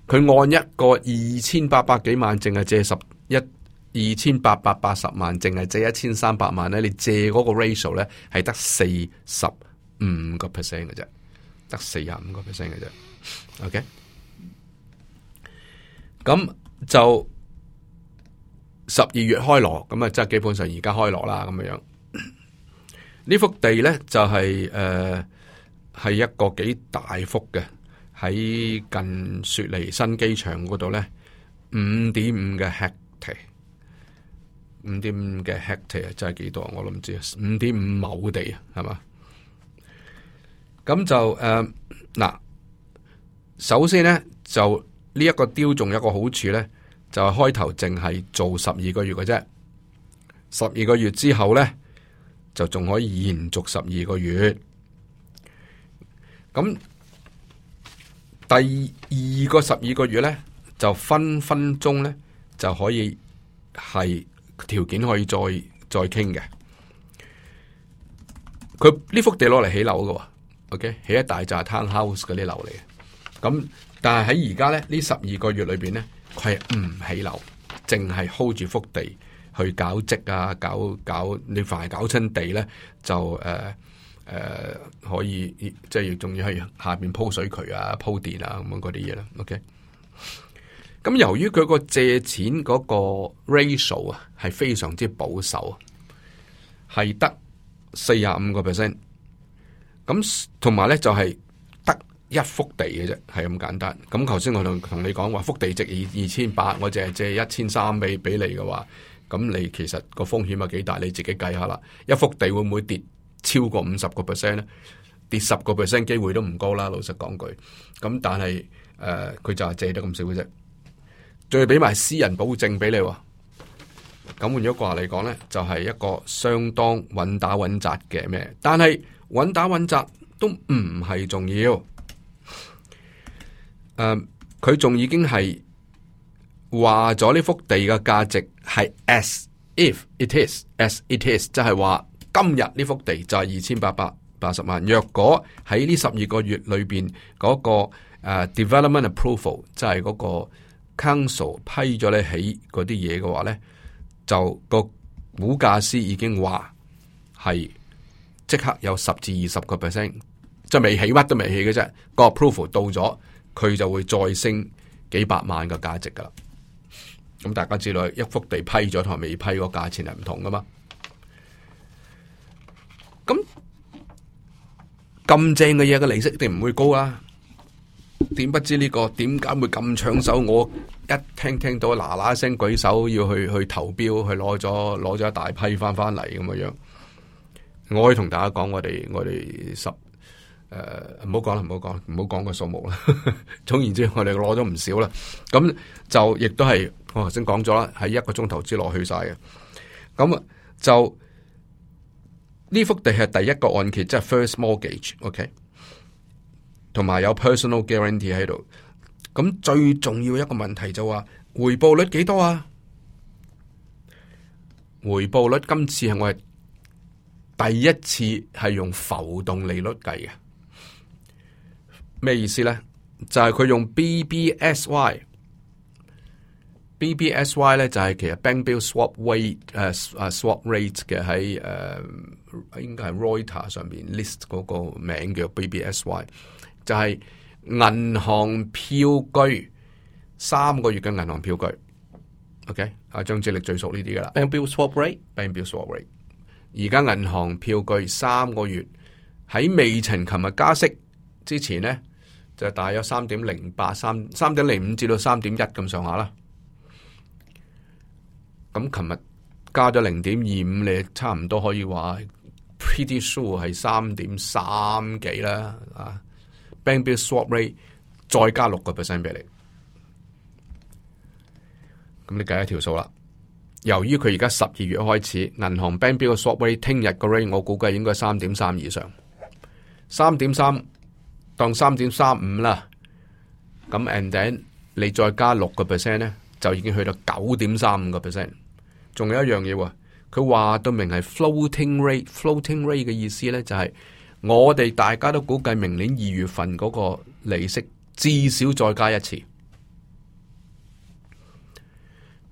佢按一個二千八百幾萬淨係借十一二千八百八十萬淨係借一千三百萬呢。你借嗰個 ratio 呢，係得四十五個 percent 嘅啫，得四十五個 percent 嘅啫。OK，咁就十二月開鑼，咁啊，即係基本上而家開鑼啦，咁樣樣。呢 幅地呢，就係、是、誒。呃係一個幾大幅嘅，喺近雪梨新機場嗰度咧，五點五嘅 hectare，五點五嘅 hectare，真係幾多？我都唔知，五點五畝地啊，係嘛？咁就誒，嗱、呃，首先咧就呢一個雕，仲有一個好處咧，就係開頭淨係做十二個月嘅啫，十二個月之後咧就仲可以延續十二個月。咁第二個十二個月咧，就分分鐘咧就可以係條件可以再再傾嘅。佢呢幅地攞嚟起樓嘅，OK 起一大扎 town house 嗰啲樓嚟。咁但係喺而家咧呢十二個月裏邊咧，佢係唔起樓，淨係 hold 住幅地去搞積啊，搞搞，搞你凡係搞親地咧就誒。Uh, 誒、呃，可以即係亦仲要喺下邊鋪水渠啊、鋪電啊咁樣嗰啲嘢啦。OK，咁由於佢個借錢嗰個 ratio 啊，係非常之保守，係得四十五個 percent。咁同埋咧就係、是、得一幅地嘅啫，係咁簡單。咁頭先我同同你講話，幅地值二二千八，我淨係借一千三俾俾你嘅話，咁你其實個風險係幾大？你自己計下啦，一幅地會唔會跌？超過五十個 percent 咧，跌十個 percent 機會都唔高啦。老實講句，咁、嗯、但係誒，佢、呃、就係借得咁少嘅啫。再俾埋私人保證俾你、啊，咁換咗句話嚟講咧，就係、是、一個相當穩打穩紮嘅咩？但係穩打穩紮都唔係重要。誒、嗯，佢仲已經係話咗呢幅地嘅價值係 as if it is as it is，即係話。今日呢幅地就係二千八百八十萬。若果喺呢十二個月裏邊嗰、那個誒、uh, development approval 即係嗰個 council 批咗咧起嗰啲嘢嘅話咧，就個估價師已經話係即刻有十至二十個 percent，即係未起乜都未起嘅啫。個 approval 到咗，佢就會再升幾百萬嘅價值噶啦。咁大家知道一幅地批咗同埋未批個價錢係唔同噶嘛？咁正嘅嘢嘅利息一定唔會高啊。點不知呢個點解會咁搶手？我一聽聽到嗱嗱聲舉手要去去投標，去攞咗攞咗一大批翻翻嚟咁樣樣。我可以同大家講，我哋我哋十誒，唔好講啦，唔好講，唔好講個數目啦。總言之，我哋攞咗唔少啦。咁就亦都係我頭先講咗啦，喺一個鐘頭之內去晒嘅。咁就。呢幅地係第一個按揭，即係 first mortgage，OK？、Okay？同埋有 personal guarantee 喺度。咁最重要一個問題就話，回報率幾多啊？回報率今次係我係第一次係用浮動利率計嘅。咩意思咧？就係、是、佢用 BBSY。BBSY 咧就係、是、其實 bank bill swap rate 誒、uh, swap rate 嘅喺誒應該係 Reuters 上邊 list 嗰個名叫 BBSY，就係銀，銀、okay? 銀行票據三個月嘅銀行票據。OK，啊張志力最熟呢啲噶啦，bank bill swap rate，bank bill swap rate。而家銀行票據三個月喺未曾琴日加息之前咧，就大約三點零八三三點零五至到三點一咁上下啦。咁琴日加咗零點二五，你差唔多可以話 pretty sure 係三點三幾啦。啊，bank bill swap rate 再加六個 percent 俾你，咁你計一條數啦。由於佢而家十二月開始，銀行 bank bill 嘅 swap rate，聽日個 rate 我估計應該三點三以上，三點三當三點三五啦。咁 and then 你再加六個 percent 咧，就已經去到九點三五個 percent。仲有一樣嘢喎，佢話到明係 floating rate，floating rate 嘅 rate 意思呢，就係我哋大家都估計明年二月份嗰個利息至少再加一次。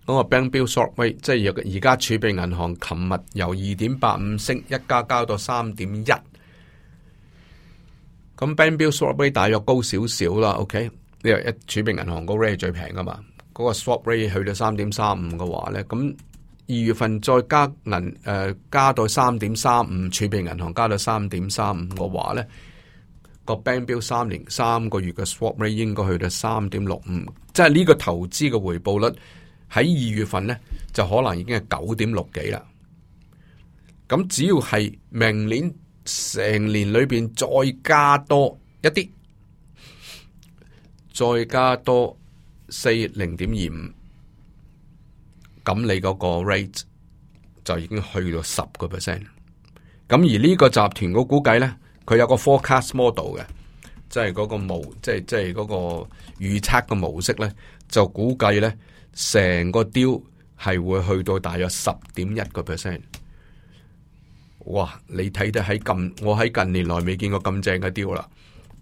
嗰個 bank bill swap rate 即係而家儲備銀行琴日由二點八五升一加加到三點一，咁 bank bill swap rate 大約高少少啦。OK，因為一儲備銀行嗰 rate 最平噶嘛，嗰個 swap rate 去到三點三五嘅話呢。咁。二月份再加銀誒、呃、加到三點三五，儲備銀行加到三點三五，我話呢個 bank bill 三年三個月嘅 swap rate 應該去到三點六五，即係呢個投資嘅回報率喺二月份咧就可能已經係九點六幾啦。咁只要係明年成年裏邊再加多一啲，再加多四零點二五。咁你嗰個 rate 就已經去到十個 percent，咁而呢個集團我估計呢，佢有個 forecast model 嘅，即係嗰個模，即係即係嗰個預測嘅模式呢，就估計呢，成個 deal 係會去到大約十點一個 percent。哇！你睇得喺咁，我喺近年來未見過咁正嘅 deal 啦，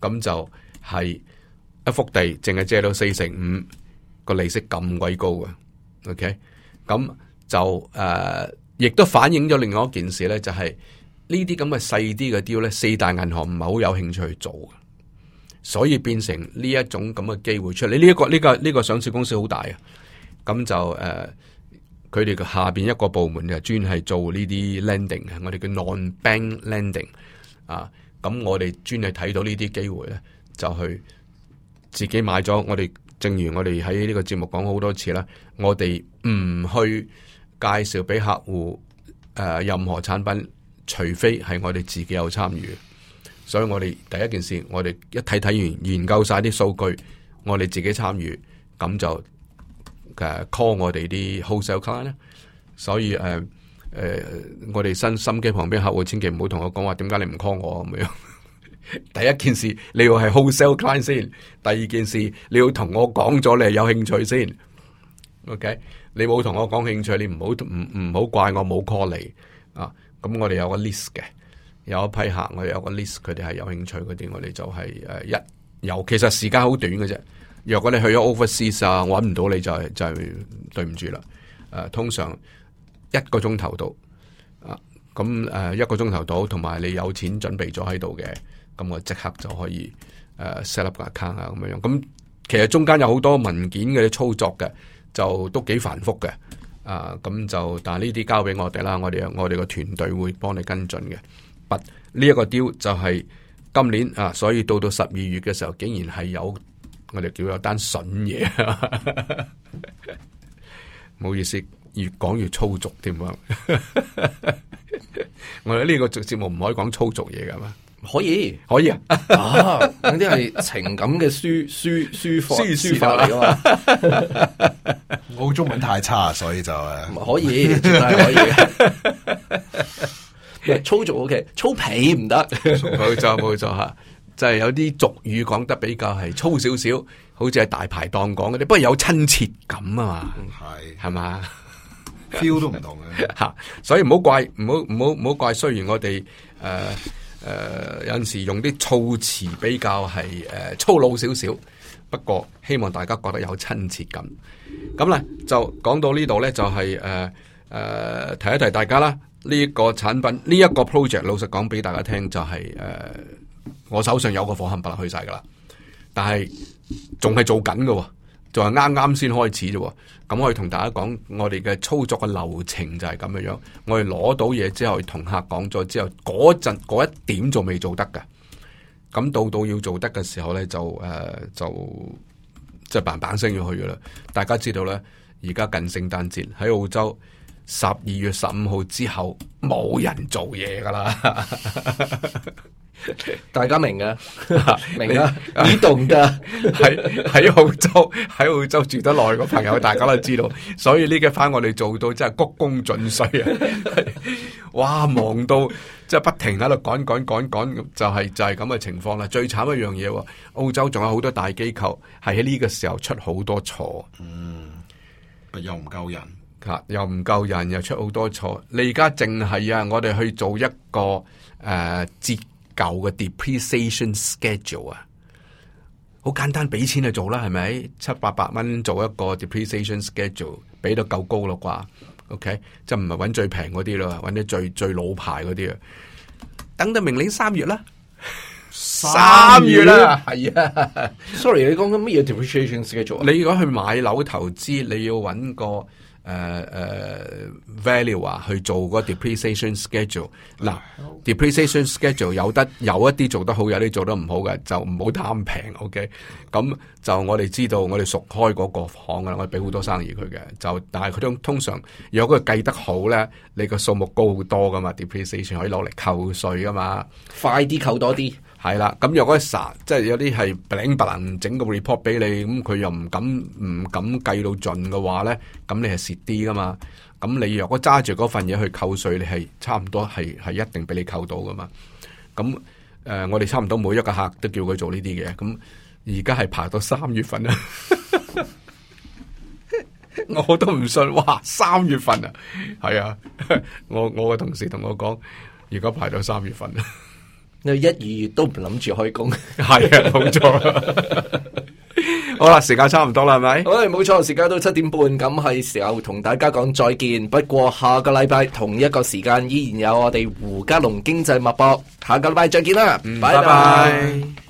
咁就係一幅地淨係借到四成五，個利息咁鬼高嘅，OK？咁就誒、呃，亦都反映咗另外一件事咧，就係、是、呢啲咁嘅細啲嘅 deal 咧，四大銀行唔係好有興趣去做嘅，所以變成呢一種咁嘅機會出嚟。呢、這、一個呢、這個呢、這個上市公司好大嘅，咁就誒，佢哋嘅下邊一個部門就專係做呢啲 lending，我哋叫 non-bank lending 啊。咁我哋專係睇到機呢啲機會咧，就去自己買咗我哋。正如我哋喺呢個節目講過好多次啦，我哋唔去介紹俾客戶誒、呃、任何產品，除非係我哋自己有參與。所以我哋第一件事，我哋一睇睇完研究晒啲數據，我哋自己參與，咁就誒 call 我哋啲 wholesale client，所以誒誒、呃呃，我哋新心機旁邊客戶千祈唔好同我講話，點解你唔 call 我咁樣？第一件事你要係 wholesale client 先，第二件事你要同我講咗你係有興趣先。OK，你冇同我講興趣，你唔好唔唔好怪我冇 call 你啊。咁、嗯、我哋有個 list 嘅，有一批客我哋有個 list，佢哋係有興趣嗰啲，我哋就係、是、誒、啊、一有。尤其實時間好短嘅啫。若果你去咗 Overseas 啊，我揾唔到你就係就係對唔住啦。誒、啊，通常一個鐘頭到啊，咁、嗯、誒、啊、一個鐘頭到，同埋你有錢準備咗喺度嘅。咁我即刻就可以誒 set up 個 account 啊，咁樣，咁其實中間有好多文件嘅操作嘅，就都幾繁複嘅。啊，咁就但係呢啲交俾我哋啦，我哋我哋個團隊會幫你跟進嘅。But，呢一個 deal 就係今年啊，所以到到十二月嘅時候，竟然係有我哋叫有單筍嘢。唔 好意思，越講越粗俗添啊！樣 我哋呢個節目唔可以講粗俗嘢噶嘛。可以，可以啊！嗰啲係情感嘅書書書書法嚟啊嘛！我中文太差，所以就啊，可以，真係可以嘅。粗俗 OK，粗鄙唔得。冇錯，冇錯吓，就係有啲俗語講得比較係粗少少，好似係大排檔講嗰啲，不過有親切感啊嘛，係係嘛，feel 都唔同嘅吓。所以唔好怪，唔好唔好唔好怪。雖然我哋誒。誒、呃，有陣時用啲措辭比較係誒、呃、粗魯少少，不過希望大家覺得有親切感。咁咧就講到呢度咧，就係誒誒提一提大家啦。呢、這、一個產品，呢、這、一個 project，老實講俾大家聽，就係、是、誒、呃、我手上有個貨冚唪唥去晒噶啦，但係仲係做緊噶，就係啱啱先開始啫。咁我以同大家講，我哋嘅操作嘅流程就係咁樣樣。我哋攞到嘢之後，同客講咗之後，嗰陣嗰一點仲未做得嘅。咁到到要做得嘅時候呢，就誒、呃、就即係嘭嘭聲要去噶啦。大家知道呢，而家近聖誕節喺澳洲，十二月十五號之後冇人做嘢噶啦。 大家明啊，明啊，你懂噶？喺喺 澳洲，喺澳洲住得耐個朋友，大家都知道。所以呢個翻我哋做到真係鞠躬盡瘁啊！哇，忙到即係不停喺度趕趕趕趕，就係、是、就係咁嘅情況啦。最慘一樣嘢，澳洲仲有好多大機構係喺呢個時候出好多錯。嗯，又唔夠人啊！又唔夠人，又出好多錯。你而家淨係啊，我哋去做一個誒節。呃舊嘅 depreciation schedule 啊，好簡單，俾錢去做啦，係咪？七八百蚊做一個 depreciation schedule，俾到夠高咯啩？OK，就唔係揾最平嗰啲咯，揾啲最最老牌嗰啲啊。等到明年三月啦，三月啦，係啊，sorry，你講緊乜嘢 depreciation schedule？你如果去買樓投資，你要揾個。誒誒、uh, uh,，value 啊，er, 去做嗰個 depreciation schedule。嗱 No.，depreciation schedule 有得有一啲做得好，有啲做得唔好嘅，就唔好貪平。OK，咁就我哋知道我，我哋熟開嗰個行噶啦，我哋俾好多生意佢嘅。就但係佢都通常，如果佢計得好咧，你個數目高好多噶嘛，depreciation 可以落嚟扣稅噶嘛，快啲扣多啲。係啦，咁若、嗯、果撒，即係有啲係零白能整個 report 俾你，咁、嗯、佢又唔敢唔敢計到盡嘅話咧，咁、嗯、你係蝕啲噶嘛？咁、嗯、你若果揸住嗰份嘢去扣稅，你係差唔多係係一定俾你扣到噶嘛？咁、嗯、誒、呃，我哋差唔多每一個客都叫佢做呢啲嘅，咁而家係排到三月份啊！ 我都唔信，哇！三月份啊，係啊，我我嘅同事同我講，而家排到三月份。一、二月都唔諗住開工，係 啊，冇錯。 好啦，時間差唔多啦，係咪？好啊，冇錯，時間都七點半，咁係時候同大家講再見。不過下個禮拜同一個時間依然有我哋胡嘉龍經濟脈搏，下個禮拜再見啦，拜拜。